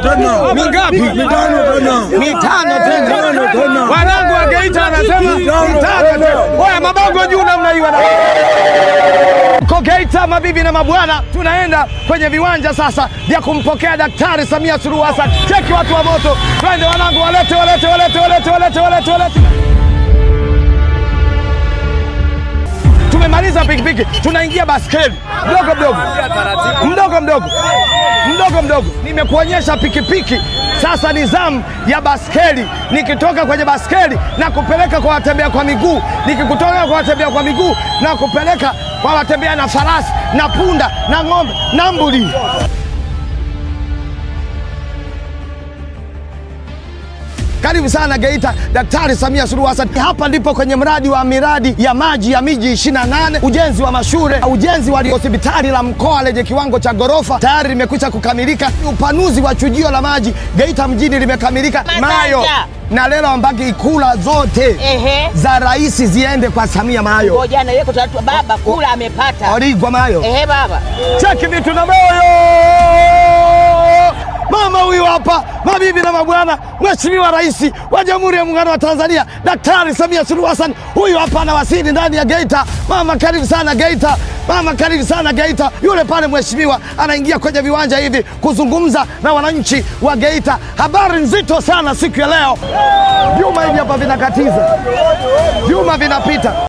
tena. Mingapi? Mitano tena. Mitano tena. Wanangu wa Geita mitano tena. Oya, mabango juu namna wana Geita, mabibi na mabwana, tunaenda kwenye viwanja sasa vya kumpokea Daktari Samia Suluhu Hassan. Cheki watu wa moto, twende wanangu, walete walete walete walete walete walete walete pikipiki tunaingia baskeli mdogo mdogo mdogo mdogo mdogo mdogo. Nimekuonyesha pikipiki, sasa ni zamu ya baskeli. Nikitoka kwenye baskeli na kupeleka kwa watembea kwa miguu, nikikutoka kwa watembea kwa miguu na kupeleka kwa watembea na farasi na punda na ng'ombe na mbuli. Karibu sana Geita, Daktari Samia Suluhu Hassan. Hapa ndipo kwenye mradi wa miradi ya maji ya miji 28, ujenzi wa mashule, ujenzi wa hospitali la mkoa lenye kiwango cha ghorofa tayari limekwisha kukamilika. Upanuzi wa chujio la maji Geita mjini limekamilika Mayo na lelo ambaki kula zote Ehe. za rais ziende kwa Samia Mayo. Ngoja na yeko baba kula amepata. Origwa Mayo. Ehe baba. Cheki vitu na moyo hapa, mabibi na mabwana, Mheshimiwa Rais wa Jamhuri ya Muungano wa Tanzania Daktari Samia Suluhu Hassan huyu hapa anawasili ndani ya Geita. Mama karibu sana Geita, mama karibu sana Geita. Yule pale mheshimiwa anaingia kwenye viwanja hivi kuzungumza na wananchi wa Geita. Habari nzito sana siku ya leo, vyuma hivi hapa vinakatiza, vyuma vinapita.